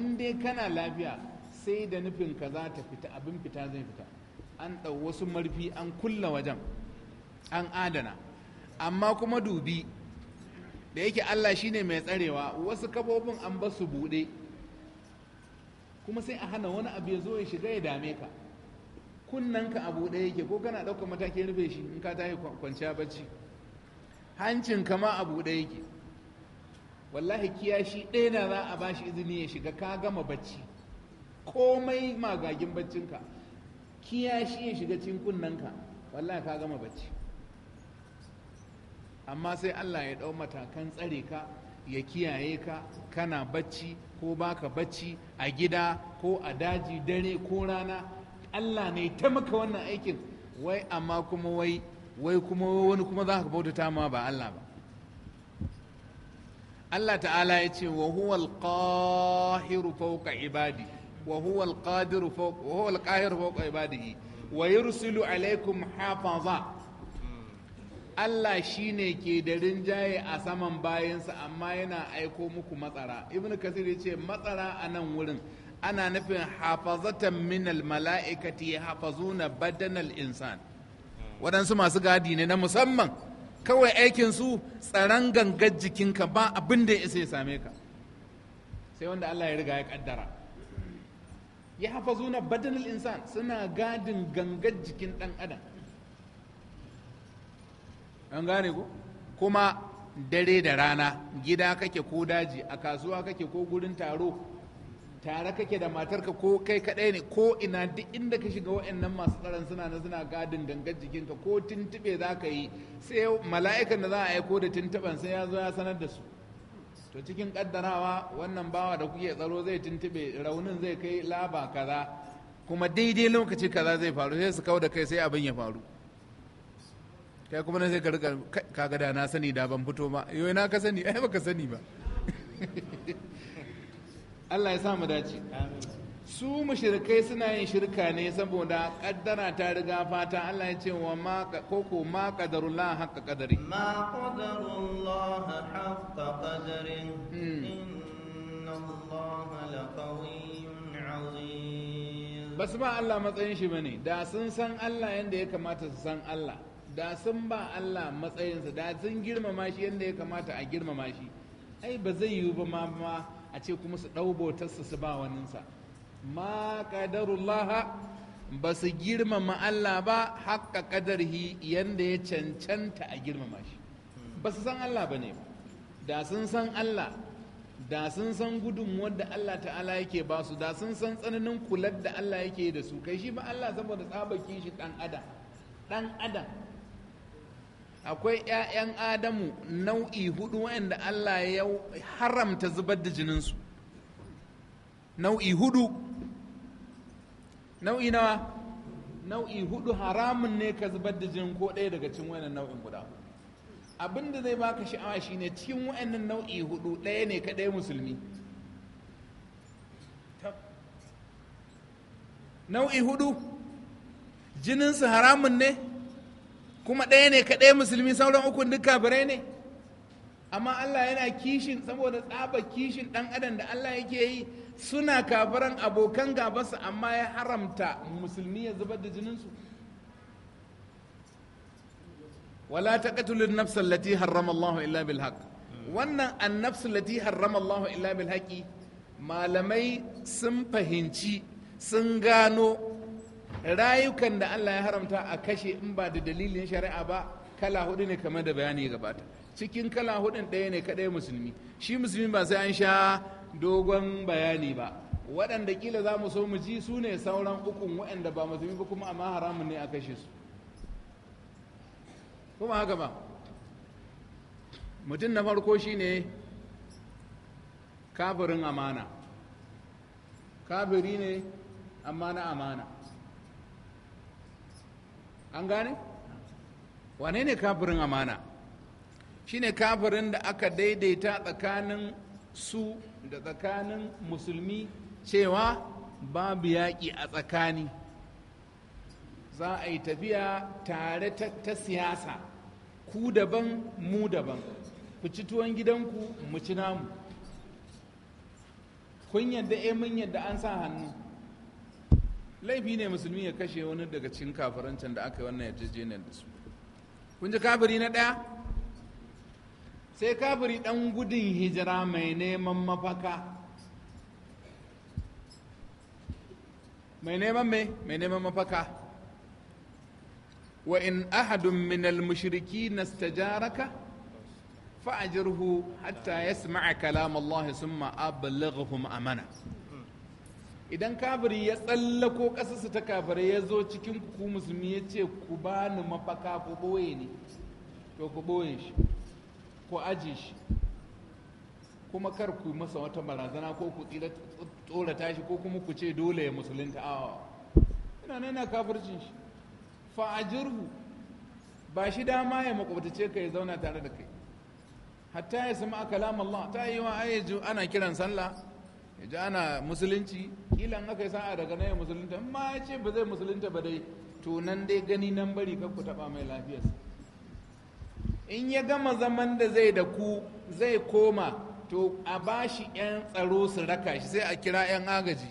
in dai kana lafiya sai da nufin ka za ta fita abin fita zai fita an ɗau wasu marfi an kulla wajen an adana amma kuma dubi da yake allah shine mai tsarewa wasu kabobin an ba su buɗe kuma sai a hana wani abu ya zo ya shiga ya dame ka kunnanka a buɗe yake ko kana ɗaukar matakin rufe shi in ka tashi kwanciya bacci hancin kama a buɗe yake wallahi kiyashi ɗaya na za a bashi izini ya shiga ka gama bacci komai magagin baccinka kiyashi ya shiga cikin kunnanka wallahi ka gama bacci amma sai allah ya ɗau matakan tsare ka ya kiyaye ka kana bacci ko baka bacci a gida ko a daji dare ko rana allah ne ta maka wannan aikin wai amma kuma wai kuma wani kuma za ka bautata ma ba allah ba Allah ta'ala ya ce wa huwa al-qahiru fawqa ibadi wa huwa al-qadiru fawqa wa huwa al-qahiru fawqa ibadihi wa yursilu alaykum hafaza Allah shine ke da rinjaye a saman bayansa amma yana aiko muku matsara ibnu kasir ya ce matsara a nan wurin ana nufin hafazatan min al-mala'ikati hafazuna badanal insan waɗansu masu gadi ne na musamman kawai aikin su tsaron gangar jikinka ba abin da ya isa ya same ka sai wanda Allah ya riga ya kaddara ya hafa zuna badanil insan suna gadin gangar jikin ɗan adam an gane ku. kuma dare da rana gida kake ko daji a kasuwa kake ko gurin taro tare kake da matarka ko kai kadai ne ko ina duk inda ka shiga wa'annan masu tsaron suna na suna gadin dangar jikinka ko tuntuɓe za ka yi sai mala'ikan da za a aiko da tuntuban sai ya zo ya sanar da su to cikin kaddarawa wannan bawa da kuke tsaro zai tuntuɓe raunin zai kai laba kaza kuma daidai lokaci kaza zai faru sai su kau da kai sai abin ya faru kai kuma na sai ka kaga da na sani da ban fito ba yau na ka sani ai baka sani ba Allah ya sa mu dace su mushrikai suna yin shirka ne saboda kaddara ta riga fata Allah ya ce wa ma koko ma qadarullah haqqa qadari ma qadarullah haqqa qadari hmm. inna Allah laqawiyyun azim basu ba Allah matsayin shi bane da sun san Allah yanda ya kamata su san Allah da sun ba Allah matsayinsa da sun girmama shi yanda ya kamata a girmama shi ai ba zai yiwu ba ma a ce kuma su ɗau bautarsa su ba waninsa ma ƙadarullaha ba su girmama Allah ba haƙa ƙadarhi yadda ya cancanta a girmama shi ba su san Allah ba ne da sun san Allah da sun san gudun Allah ta'ala yake ba su da sun san tsananin kular da Allah yake da su kai shi ba Allah saboda tsabaki shi ɗan adam ɗan adam akwai 'ya'yan adamu nau'i hudu wa'anda allah ya haramta zubar da jininsu nau'i hudu nau'i nawa nau'i hudu haramun ne ka zubar da jinin ko ɗaya daga cikin wannan nau'in guda abin da zai baka sha'awa shine cikin wa'annan nau'i hudu ɗaya ne ka ɗaya musulmi nau'i hudu jininsu haramun ne kuma ɗaya ne kaɗai musulmi sauran ukun duk kafirai ne amma Allah yana kishin saboda tsaba kishin ɗan adam da Allah yake yi suna kafiran abokan su amma ya haramta musulmi ya zubar da jininsu wala ta an-nafs allati harrama Allah illa bil haqq wannan an-nafs allati harrama Allah illa bil haqqi malamai sun fahimci sun gano rayukan da Allah ya haramta a kashe in ba da dalilin shari'a ba kala hudu ne kamar da bayani gabata cikin kala hudun ɗaya ne kaɗai musulmi shi musulmi ba sai an sha dogon bayani ba waɗanda kila za mu so mu ji su ne sauran ukun waɗanda ba musulmi ba kuma amma haramun ne a kashe su kuma haka ba mutum na farko shi ne kafirin amana kafiri ne amma na amana an gane wane ne kafirin amana Shi ne kafirin da aka daidaita tsakanin su da tsakanin musulmi cewa babu yaƙi a tsakani za a yi tafiya tare ta siyasa ku daban mu daban ku ci tuwon gidanku mu ci namu kun yadda eh, mun yadda an sa hannu laifi ne musulmi ya kashe wani daga cikin kafarancin da aka yi wannan yarjejeniyar da su kun ji kafiri na ɗaya sai kafiri ɗan gudun hijira mai neman mafaka mai neman mai mai neman mafaka wa in ahadun min al-mushriki nastajaraka fa'ajirhu hatta yasma'a kalam Allah summa ablighhum amana idan kafiri ya tsallako ƙasarsa ta kabari ya zo cikin ku musulmi ya ce ku ba ni mafaka ku ɓoye ne to ku ɓoye shi ku aje shi kuma kar ku masa wata barazana ko ku tsorata shi ko kuma ku ce dole ya musulunta awa ina nan na kafircin shi jirgu ba shi dama ya makwabtace ka ya zauna tare da kai hatta ya sami a kalamallah ta yi wa ana kiran sallah ya ji ana musulunci kila in aka yi sa'a daga nan ya musulunta in ma ya ce ba zai musulunta ba dai to nan dai gani nan bari kar ku taba mai lafiyarsa in ya gama zaman da zai da ku zai koma to a ba shi 'yan tsaro su raka shi sai a kira 'yan agaji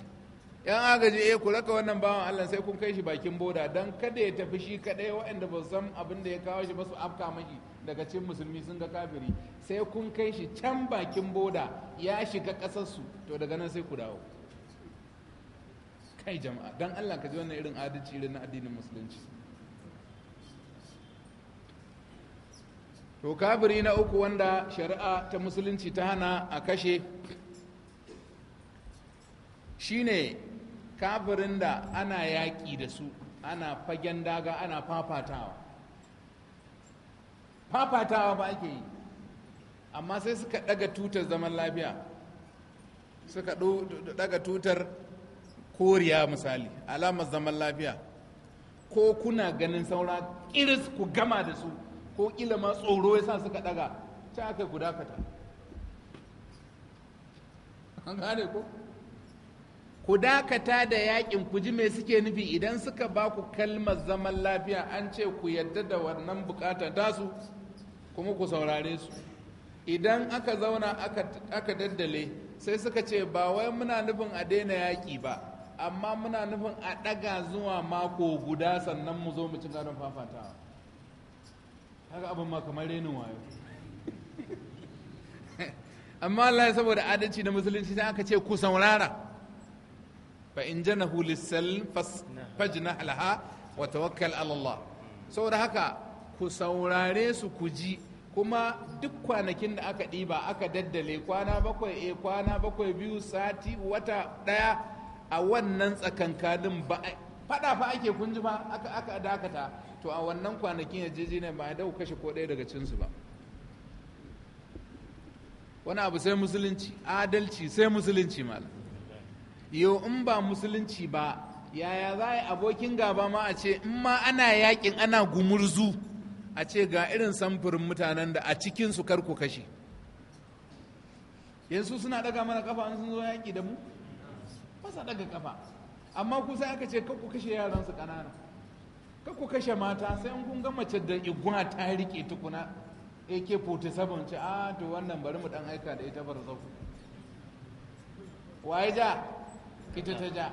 'yan agaji eh ku raka wannan bawan allah sai kun kai shi bakin boda don kada ya tafi shi kadai waɗanda ba san abin da ya kawo shi ba su afka mashi daga cin musulmi sun ga kafiri sai kun kai shi can bakin boda ya shiga ƙasarsu to daga nan sai ku dawo kai jama'a don allah ka ji wannan irin adalci irin na addinin musulunci to kafiri na uku wanda shari'a ta musulunci ta hana a kashe shine kafirin da ana yaƙi da su ana fagen daga ana fafatawa fafatawa ba ake yi amma sai suka ɗaga tutar zaman lafiya suka ɗaga tutar koriya misali alamar zaman lafiya ko kuna ganin saura kiris ku gama da su ko kila ma tsoro ya sa suka daga ta aka guda fata an gane ko ku dakata da yakin ku ji me suke nufi idan suka ba ku kalmar zaman lafiya an ce ku yadda da wannan bukata tasu kuma ku saurare su idan aka zauna aka daddale sai suka ce ba wai muna nufin a daina yaƙi ba amma muna nufin a ɗaga zuwa mako guda sannan mu zo mu ci gadon fafatawa haka abin ma kamar renin wayo amma Allah ya saboda adalci da musulunci sai aka ce ku saurara fa in janahu lisal fajna alha wa tawakkal ala Allah saboda haka ku saurare su ku ji kuma duk kwanakin da aka ɗiba aka daddale kwana bakwai e kwana bakwai biyu sati wata ɗaya a wannan tsakankanin ba fada fa ake kunji ba aka aka dakata to a wannan kwanakin yajeji ne ba a dau kashe ko ɗaya daga cinsu ba wani abu sai musulunci adalci sai musulunci malam yau in ba musulunci ba yaya za a yi abokin gaba ma a ce in ma ana yakin ana gumurzu a ce ga irin samfurin mutanen da a cikinsu kar ku kashe yanzu suna daga mana kafa an sun zo yaki da mu sa daga kafa amma kusa aka ce ku kashe yaransu ƙanana ku kashe mata sai kun ga mace da igwa ta rike tukuna ak-47 ce a ah, to wannan bari mu dan aika da ita barzau waye ja ita ta ja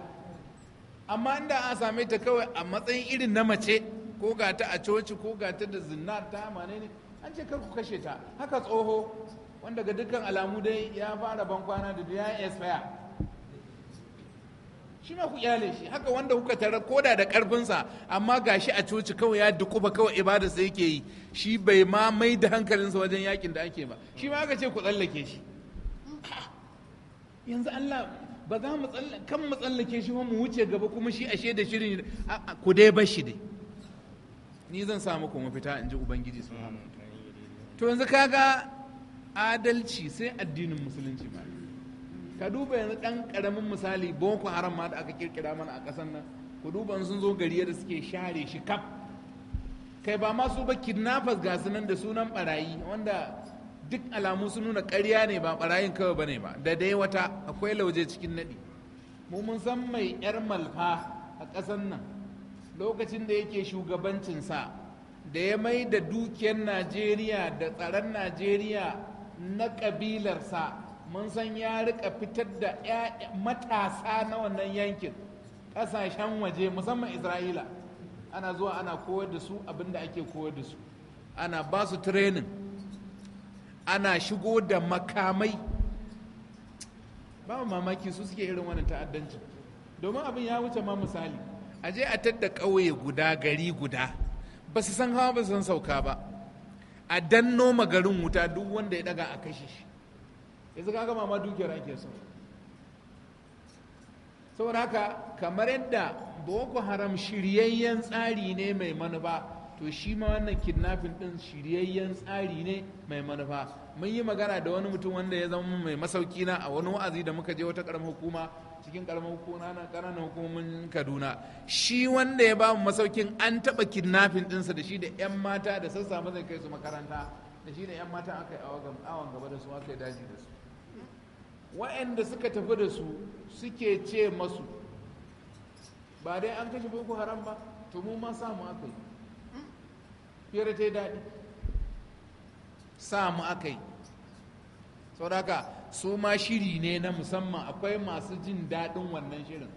amma inda an same ta kawai a matsayin irin na mace ko ga ta a coci ko ga ta da zinna ta mane ne an ce kar ku kashe ta haka tsoho wanda ga dukkan alamu dai ya fara bankwana da ya expire shi ma ku kyale shi haka wanda kuka tara koda da karfinsa amma ga shi a coci kawai ya dukuba kawai ibada sai yake yi shi bai ma mai da hankalinsa wajen yakin da ake ba shi ma aka ce ku tsallake shi yanzu Allah ba za mu kan mu tsallake shi mu wuce gaba kuma shi ashe da shirin ku dai bar shi dai ni zan sa muku mafita in ji ubangiji subhanahu to yanzu kaga adalci sai addinin musulunci ma ka duba yanzu ɗan ƙaramin misali boko haram ma da aka kirkira mana a ƙasar nan ku duba sun zo gari yadda suke share shi kaf kai ba masu ba kidnappers ga nan da sunan barayi wanda duk alamu sun nuna ƙarya ne ba barayin kawai ba ne ba da dai wata akwai lauje cikin naɗi mu mun san mai yar malfa a ƙasar nan lokacin da yake sa da ya mai da dukiyar najeriya da tsaron najeriya na ƙabilarsa mun san ya rika fitar da matasa na wannan yankin Kasashen waje musamman isra'ila ana zuwa ana koyar da su abin da ake koyar da su ana ba su training ana shigo da makamai ba mamaki su suke irin wannan ta'addanci domin abin ya wuce ma misali a je a tadda ƙauye guda gari guda ba su san hawa ba su sauka ba a danno garin wuta duk wanda ya daga a kashe shi yanzu gama ma dukiyar ake so saboda haka kamar yadda boko haram shiryayyen tsari ne mai manufa to shi ma wannan kidnapping din shiryayyen tsari ne mai manufa mun yi magana da wani mutum wanda ya zama mai masauki na a wani wa'azi da muka je wata karamar hukuma cikin karamar hukuma na kananan hukumomin kaduna shi wanda ya ba mu masaukin an taba kidnapping dinsa da shi da yan mata da sassa mazan kai su makaranta da shi da yan mata aka yi awon gaba da su aka yi daji da su wa'anda suka tafi da su suke ce masu ba dai an kashe boko haram ba to mu ma samu aka yi fiye ta yi daɗi samu aka yi sauraka su ma shiri ne na musamman akwai masu jin daɗin wannan shirin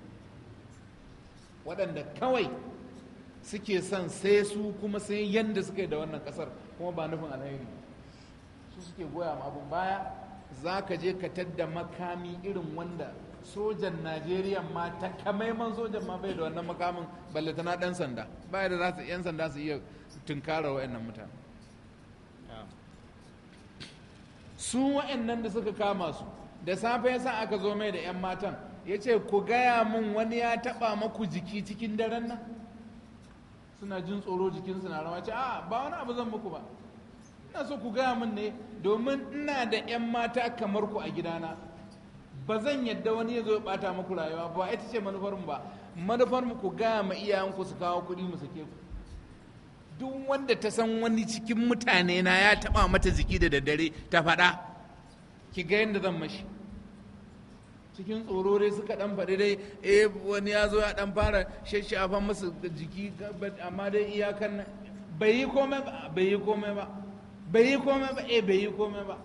waɗanda kawai suke son sai su kuma sai yadda suka yi da wannan ƙasar kuma ba nufin alheri su suke goya ma abin baya za ka je ka tadda makami irin wanda sojan najeriya ma ta kamaiman sojan ma bai da wannan makamin na dan sanda ba da zasu su yan sanda su iya tunkara wa'annan mutane su wa'annan da suka kama su da safe yasa aka zo mai da 'yan matan ya ce ku gaya mun wani ya taba maku jiki cikin daren nan suna jin tsoro jikinsu na rawa ce a ba wani abu zan muku ba ina so ku gaya min ne domin ina da 'yan mata kamar ku a gidana ba zan yadda wani ya zo ya bata muku rayuwa ba ita ce manufarmu ba manufarmu ku gaya ma iyayenku su kawo kuɗi mu sake ku duk wanda ta san wani cikin mutane na ya taba mata jiki da daddare ta faɗa ki ga yadda zan mashi cikin tsoro dai suka dan faɗi dai eh wani ya zo ya dan fara shashafan musu jiki amma dai iyakan Bai yi komai ba, bai yi komai ba bai yi komai ba eh bai yi komai ba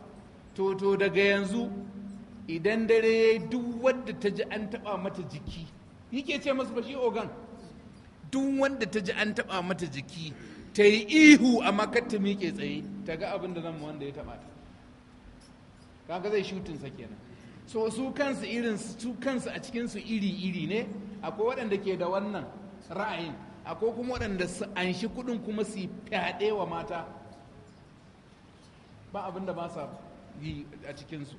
to to daga yanzu idan dare ya yi duk wadda ta ji an taba mata jiki yake ce masu bashi ogan duk wanda ta ji an taba mata jiki ta yi ihu a makar ta miƙe tsaye ta ga abin da zan wanda ya taba ta kaga zai shutin sa kenan so su kansu irin su kansu a cikin su iri iri ne akwai waɗanda ke da wannan ra'ayin akwai kuma waɗanda su anshi kuɗin kuma su fyaɗe wa mata ba abin ba sa yi a cikinsu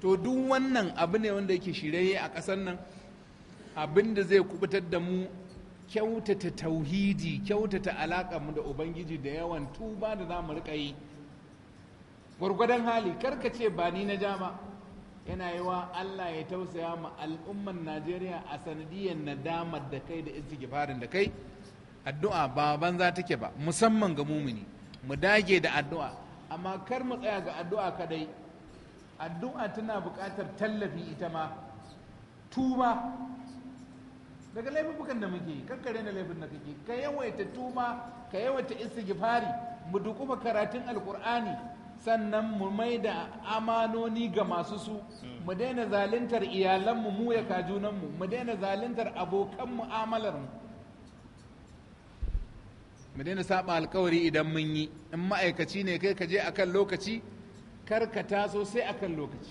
to duk wannan abu ne wanda yake shirye a ƙasar nan abinda zai kubutar da mu kyautata tauhidi kyautata alaƙa mu da ubangiji da yawan tuba da za mu riƙa yi gwargwadon hali karka ce ba ni na ja ba yana yi wa allah ya tausaya ma al'umman najeriya a sanadiyar nadamar da kai da istighfarin da kai addu'a ba banza take ba musamman ga mumini mu dage da addu'a amma kar mu tsaya ga addu'a kadai addu'a tana buƙatar tallafi ita ma tuma daga laifukan da muke kakkare na laifin da kake ka yawaita tuma ka yawaita istighfari mu dukufa karatun alkur'ani sannan mu mai da amanoni ga masu su mu daina zaluntar iyalanmu mu ya kajunanmu mu daina zaluntar abokan mu. mu daina saba alkawari idan mun yi in ma'aikaci ne kai ka je akan lokaci kar ka taso sai akan lokaci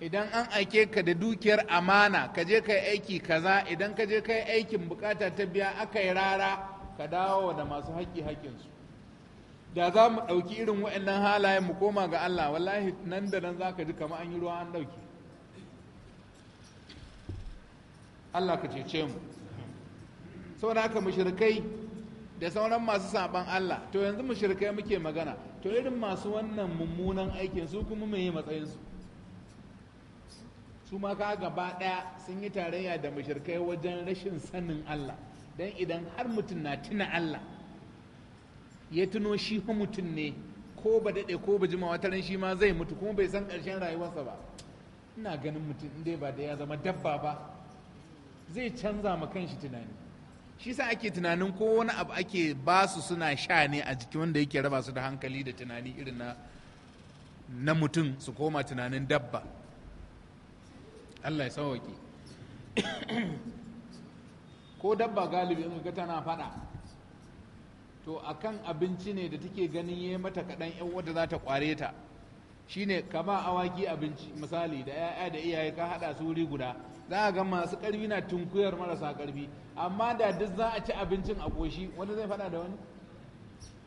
idan an aike ka da dukiyar amana ka je ka yi aiki kaza idan ka je ka aikin bukata ta biya aka yi rara ka dawo da masu haƙƙi haƙƙinsu da za mu ɗauki irin waɗannan halaye mu koma ga Allah wallahi nan da nan za ka ji kama an yi ruwa an ɗauki Allah ka cece mu saboda haka mushrikai da sauran masu saban Allah to yanzu shirkai muke magana to irin masu wannan mummunan aikin su kuma mai matsayin su su ma ka gaba ɗaya sun yi tarayya da shirkai wajen rashin sanin Allah dan idan har mutum na tuna Allah ya tuno shi fa mutum ne ko ba daɗe ko ba jima wata ran shi ma zai mutu kuma bai san ƙarshen rayuwarsa ba ina ganin mutum inda ba da ya zama dabba ba zai canza ma kanshi tunani shi sa ake tunanin ko wani abu ake basu suna sha ne a jiki wanda yake raba su da hankali da tunani irin na mutum su koma tunanin dabba allah ya sauwaƙe ko dabba galibi in ga tana fada to akan abinci ne da take ganin ya mata kaɗan yan wadda za ta kware ta shine kama awaki abinci misali da 'ya'ya da iyaye ka hada su wuri guda za a ga masu karfi na tunkuyar marasa karfi amma da duk za a ci abincin a koshi wani zai fada da wani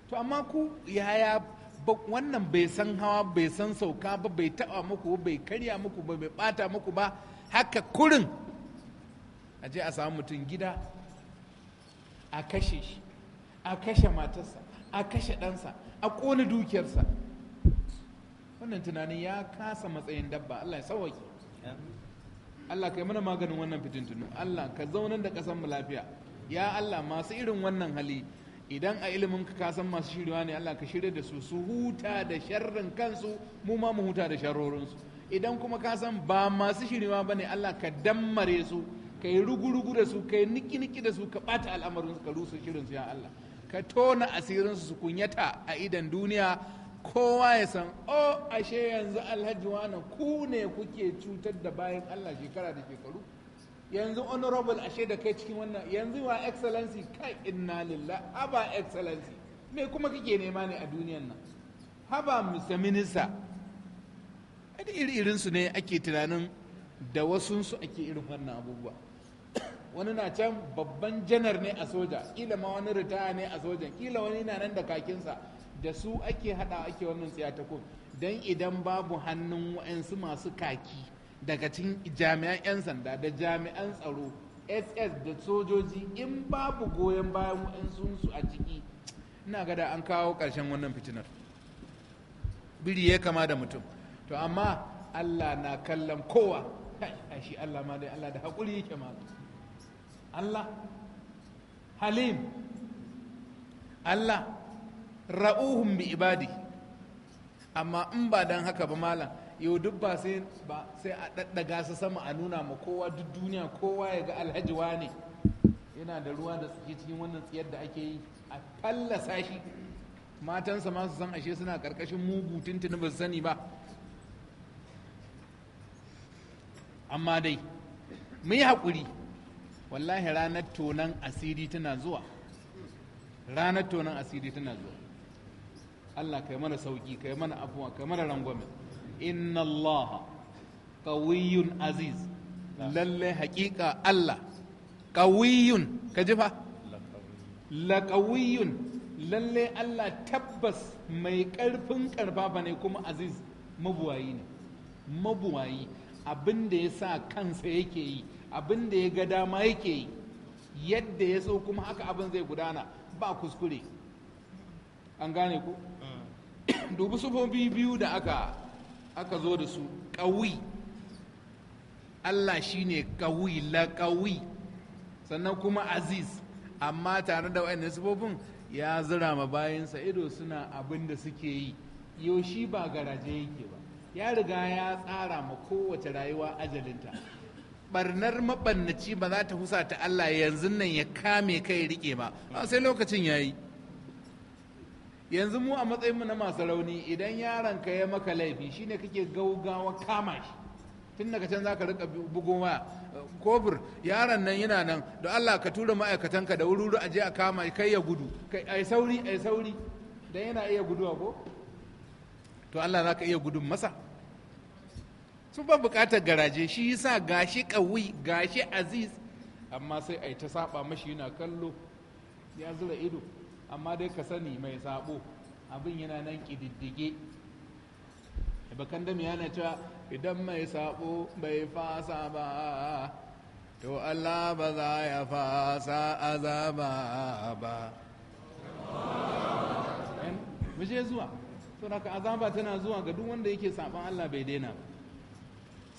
to amma ku yaya wannan bai san hawa bai san sauka ba bai taba muku bai karya muku ba bai bata muku ba haka kurin a je a samu mutum gida a kashe shi a kashe matarsa a kashe ɗansa a ƙone dukiyarsa wannan tunanin ya kasa matsayin dabba Allah ya sauwaki Allah kai mana maganin wannan fitintunu Allah ka zaunar da kasan lafiya ya Allah masu irin wannan hali idan a ilimin ka san masu shirya ne Allah ka shirya da su su huta da sharrin kansu mu ma mu huta da sharrorinsu idan kuma kasan ba masu shirya ba ne Allah ka dammare su ka yi rugu-rugu da su ka yi niki-niki da su ka ɓata al'amarin ka rusa shirinsu ya Allah ka tona asirinsu su kunyata a idan duniya kowa ya san o oh, ashe yanzu alhaji wani ku ne kuke cutar da bayan allah shekara da shekaru yanzu honorable ashe da kai cikin wannan yanzu wa excellency kai inna lillah haba excellency me kuma kake nema ne a duniyan nan haba mr minister da iri su ne ake tunanin da wasunsu ake irin wannan abubuwa wani na can babban janar ne a soja kila ma wani ritaya ne a sojan kila wani na nan da kakinsa da su ake hada ake wannan tsaya ta kun don idan babu hannun wa'ansu masu kaki daga cikin jami'an 'yan sanda da jami'an tsaro ss da sojoji in babu goyon bayan wa'ansu a ciki ina gada an kawo ƙarshen wannan fitinar biri ya kama da mutum to amma allah na kallon kowa shi allah ma dai allah da haƙuri yake ma allah halim allah ra'uhun bi ibadi amma in ba don haka ba malam yau duk ba sai a ɗaɗɗaga su sama a nuna ma kowa duk duniya kowa ya ga alhaji ne. yana da ruwa da suke cikin wannan tsiyar da ake yi a fallasa shi matansa masu san ashe suna karkashin mugu tuntuni ba su sani ba amma dai mu yi haƙuri wallahi ranar tonan asiri tana zuwa ranar tonan asiri tana zuwa Allah kai mana sauki kai mana abuwa kai mana rangwame inna Allah kawiyun aziz lalle haƙiƙa Allah kawiyun ka ji fa la kawiyun lalle Allah tabbas mai ƙarfin karfa ne kuma aziz mabuwayi ne mabuwayi abin da ya sa kansa yake yi abin da ya ga dama yake yi yadda ya so kuma haka abin zai gudana ba kuskure an gane ku dubi sufofi biyu da aka aka zo da su ƙawi Allah shi ne ƙawi la ƙawi sannan kuma aziz amma tare da wa'annan sufofin ya zira ma bayansa ido suna abin da suke yi yau ba garaje yake ba ya riga ya tsara ma kowace rayuwa ajalinta barnar mabannaci ba za ta ta Allah yanzu nan ya kame kai rike ba sai lokacin ya yi. yanzu mu a matsayin mu na masu rauni idan yaron ka ya maka laifi shine kake gaugawa kama shi tun daga can za ka rika bugun waya kofur yaron nan yana nan da allah ka tura ma'aikatan ka da wuri a je a kama kai ya gudu ai sauri ai sauri dan yana iya guduwa ko to allah zaka iya gudun masa sun ba bukatar garaje shi yasa gashi kawi gashi aziz amma sai ai ta saba mashi yana kallo ya zura ido amma dai ka sani mai sabo abin yana nan ƙididdige bakan da yana cewa idan mai sabo bai fasa ba to Allah ba za ya fasa azaba ba mushe zuwa to azaba tana zuwa ga duk wanda yake saban Allah bai daina ba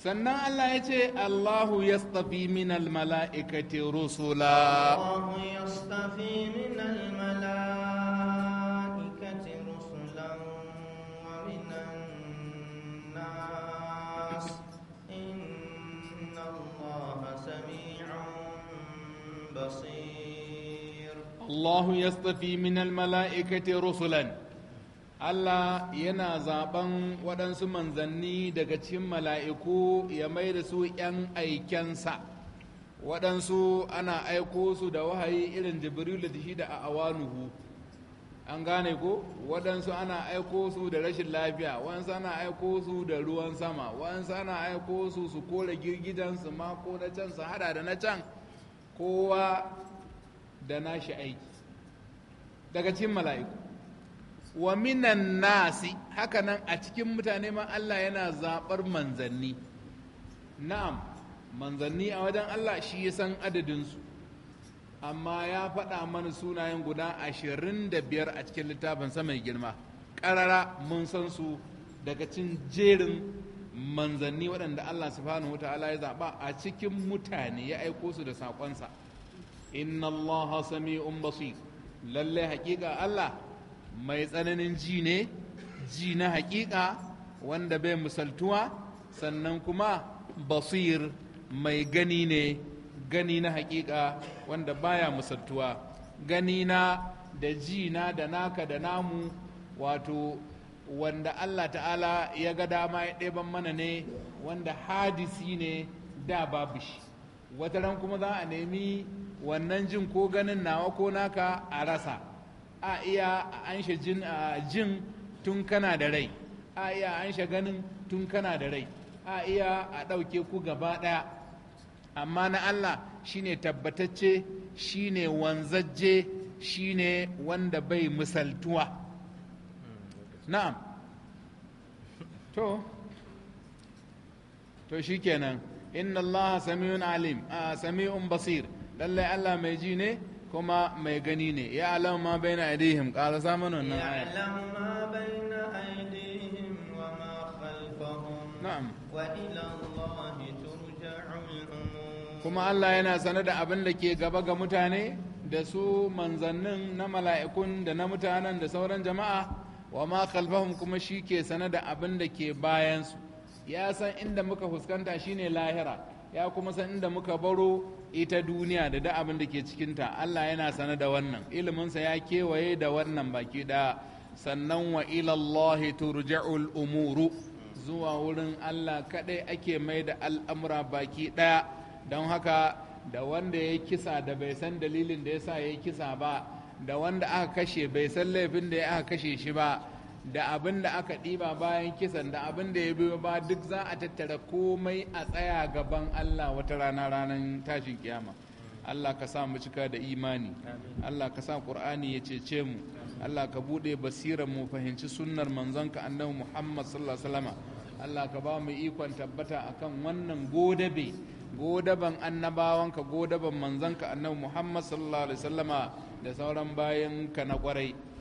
sannan Allah ya ce Allahu ya stafi min almala'ikati rusula Allahu ya stafi min almala'ikati rusulan wa minan nas inna Allah sami'un basir Allahu ya stafi min almala'ikati rusulan Allah yana zaɓen waɗansu manzanni daga cikin mala'iku ya mai da su ‘yan aikensa, waɗansu ana aiko su da wahayi irin Jibril da shi da awanuhu. An gane ko? Waɗansu ana aiko su da rashin lafiya, waɗansu ana aiko su da ruwan sama, waɗansu ana aiko su su kore girgidan su mako na can su hada da na can, kowa da nashi aiki. Daga cikin mala'iku. wa minan nasi hakanan a cikin mutane ma Allah yana zaɓar manzanni na'am manzanni a wajen Allah shi ya san adadinsu amma ya faɗa mana sunayen guda ashirin da biyar a cikin littafinsa mai girma ƙarara mun san su daga cin jerin manzanni waɗanda Allah subhanahu wata'ala ya zaɓa a cikin mutane ya aiko su da saƙonsa inna allaha un basir lallai haƙiƙa Allah mai tsananin ji ne ji na hakika wanda bai misaltuwa sannan kuma basir mai gani ne gani na hakika wanda baya misaltuwa gani na da ji na da naka da namu wato wanda Allah ta'ala ya ga dama ya ɗeban mana ne wanda hadisi ne da babu shi wataran kuma za a nemi wannan jin ko ganin nawa ko naka a rasa a iya ansha jin tun kana da rai a iya ansha ganin tun kana da rai a iya a ɗauke ku gaba ɗaya amma na allah shine tabbatacce shine wanzajje shine wanda bai misaltuwa na'am to to shikenan inna allah sami'un alim sami'un basir lallai allah mai ji ne kuma mai gani ne ya alam ma bai na aidihim ƙara samun ma aya na'am kuma Allah yana sanar da abin da ke gaba ga mutane da su manzannin na mala'ikun da na mutanen da sauran jama'a wa ma khalfahum kuma shi ke sanar da abin da ke bayansu ya san inda muka fuskanta shine lahira ya kuma san inda muka baro ita duniya da da abin da ke cikinta Allah yana sane da wannan iliminsa ya kewaye da wannan baki da sannan wa ilallahi turja'ul umuru zuwa wurin Allah kadai ake mai da al'amura baki ɗaya don haka da wanda ya kisa da bai san dalilin da ya sa ya kisa ba da wanda aka kashe bai san laifin da ya aka kashe shi ba da abin da aka ɗiba bayan kisan da abin da ya biyo ba duk za a tattara komai a tsaya gaban Allah wata rana ranar tashin kiyama Allah ka sa mu cika da imani Allah ka sa Qur'ani ya cece mu Allah ka buɗe basirar mu fahimci sunnar manzonka annabi Muhammad sallallahu alaihi wasallam Allah ka ba mu ikon tabbata akan wannan godabe godaban annabawanka godaban manzonka annabi Muhammad sallallahu alaihi wasallama da sauran bayan ka na kwarai